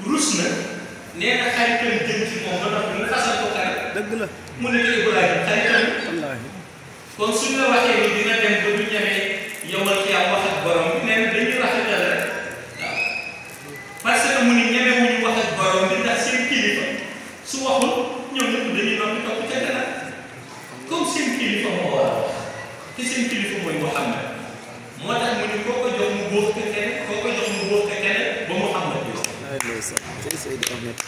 rus na nee na xaritam jëm ci moom la tax mu fasal ko xarit. dëgg la mu ne ko Ibrahima xaritam. wallaahi kon suñu la waxee ni dina dem ba du ñemee yow Seydi Ahmed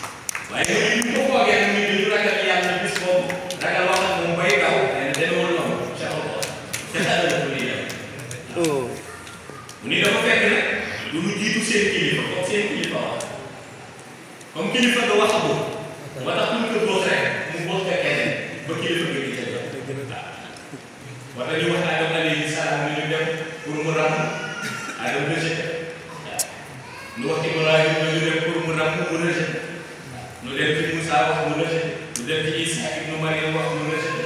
waaye ñu ko foogee nag ñu ñu ragal yàlla bis boobu ragal wax ak moom bay daw nee na demewul noonu mu ni dafa fekk nag lu mu jiitu seen kilifa comme seen kilifa wax comme kilifa nga wax ko yonent Moussa wax mu rejeté ñu dem ci Isa ibnu Mariam wax mu rejeté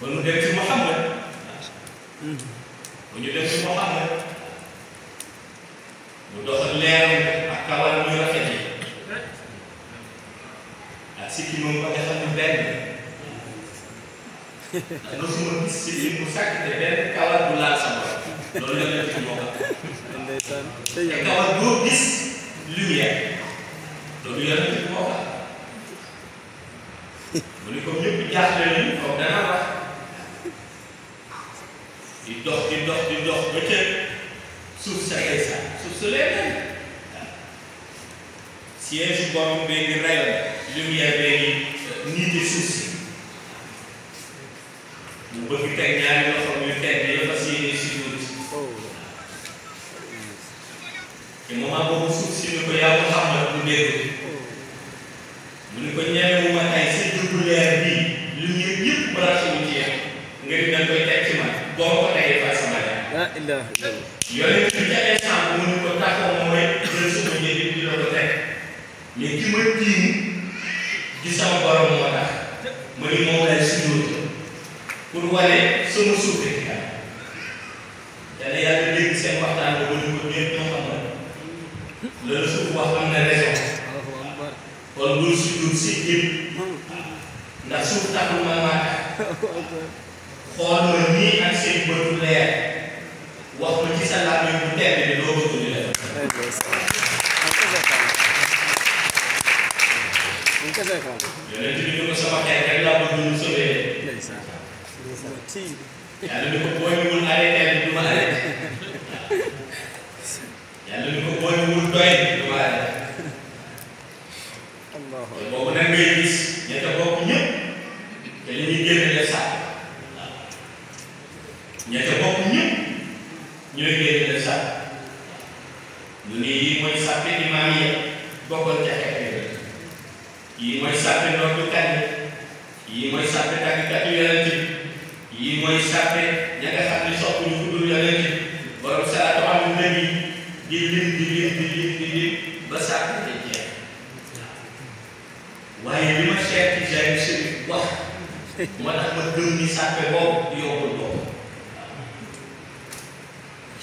ba ñu dem ci Muhammad bu ñu dem ci Muhammad mu doxal leeram ak kawar muy rafet yi ak sikki moom ba nga xam ne benn ndax mosuma gis si li mu sàkk te benn kawar bu laal sama loolu la ñu def ci Muhammad te kawar boo gis lumière loolu yàlla ci moo wax mu ni comme ñëpp jaaxle nañu comme dana wax di dox di dox di dox ba ca suuf sa ay sa suuf sa leen waaw siège borom bee ngi rayon lumière bee ngi euh, nii di suuf si mu bëgg teg ñaari loxo muy teg yëpp a si yéene si wut te moment boobu suuf si ni ko yàlla xam na bu dégg billahi yooyu bi ca instant bu mu ko tàggoo mooy jël sama njëriñ bi la ko teg mais ki ma tiim di sama borom moo tax ma ni moom lay sujjóot pour wane sama suuf bi yàlla yàlla dégg seen waxtaan ba ñu ko ñëpp ñoo xam ne loolu suuf wax am na raison kon bul sujjóot si jëm ndax suuf taxul ma maa xool wax ma ci sa laaj bu teewee loo bëgg ñu def. yéen a ngi ko sama xel rek laa bëgg ñu sauver. yàlla ni ko booy wul arrêté du ma arrêté. yàlla ni ko booy wul doy du ma arrêté. boobu nag ngay gis ñett bokk ñëpp te li ñuy génn def sax ñett bokk ñëpp. ñooy génn def sàpp ñu ne yii mooy sàppi imaam yi bokkoon ca xeet yii mooy sàppi noddukat yi yii mooy sàppi tàggkat yu yonent bi yii mooy sàppi ña nga xam ne sopp ñu ku dul yonent bi borom salaatu am nabi di lim di lim di lim di lim ba sàppi di jeex waaye li ma seet ci jaay sëriñ wax moo tax ma gëm ni sàppe boobu yokkul boobu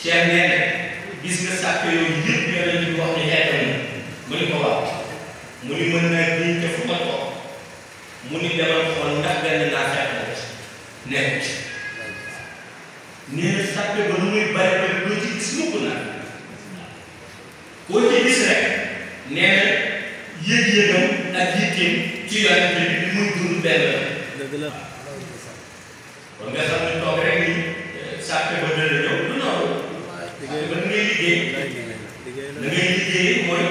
Cheikh nee na gis nga sàkk yooyu yëpp yore ñu wax ne yaay ko mu ni ko waaw mu ni mën naa nii te fu ma toog mu ni demal xool ndax benn naa fekk nekk ci nee na sàkk ba lu muy bari bari loo ci gis mukk naa koo ci gis rek nee na yëg-yëgam ak yitteem ci yore bi bi muy dund benn la dëgg la kon nga xam ne toog rek ni eh, sàkk ba dëgg ñëw liggéey la ngay liggéey la ngay liggéey mooy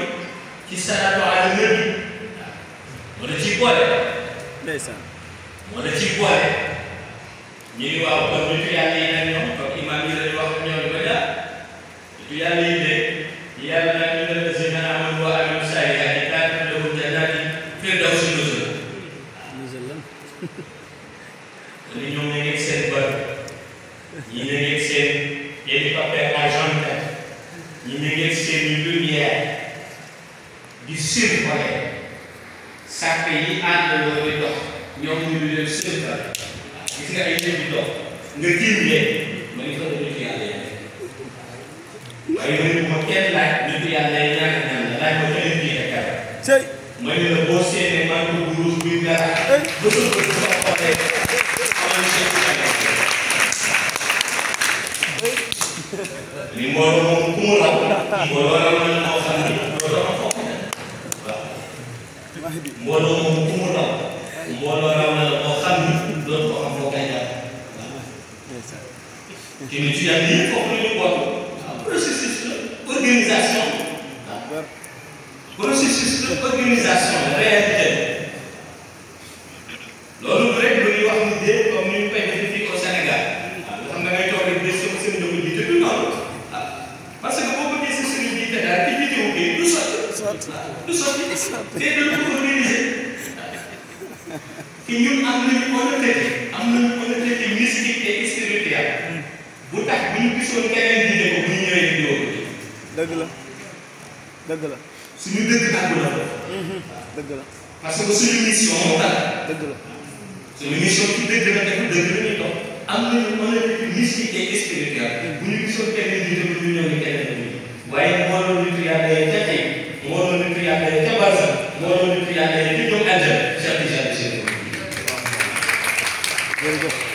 ci salaatu ala nabi moo la ciy boole. ndeysaan moo la ciy boole. ñu ngi waaw kon nitu yàlla yi nag ñoom comme imam yi lañu wax ñoom ñu ko jaar nitu yàlla yi de yàlla nag ñu ne la zina amanu wa amilu saalihaati kaanat lahum jannaati firdawsi nuzula ñoom ñu ngi seen bër ñi survolé sàkk yi ànd loolu di dox ñoom ñu ngi leen survolé gis nga ay yëngu dox nga jiw leen ma ngi ko def yàlla yi waaye ma ne ko kenn laaj nitu yàlla yi ñaata ñaan la laaj ko benn bii ak dara ma ne la boo seetee man ko buruus buy dara bëgg ko soo xoolee amal seen li mbooloo moom ku mu raw mbooloo la mën a xam ni loolu mbooloo moom ku mu raw mbooloo raw na la boo xam ni doon ko am foo koy jàpp te nit yi daal lii foofu la ñu bokk ah. processus de organisation ah. processus de sant ki ñun am nañu honnêteté am nañu honnêteté mystique et spirituelle bu tax bu ñu gisoon keneen di ko bu ñu ñëwee di ñëw. dëgg la dëgg la. suñu dëgg tàggu la. dëgg la. parce que suñu mission moo tax. dëgg la. suñu mission ci dëgg la def dëgg la ñu toog am nañu honnêteté mystique et spirituelle bu ñu gisoon keneen di mbooloo nit yàlla yi ca barsa mbooloo nit yàlla yi di jóg àjjana Cheikh Tidiane Chérif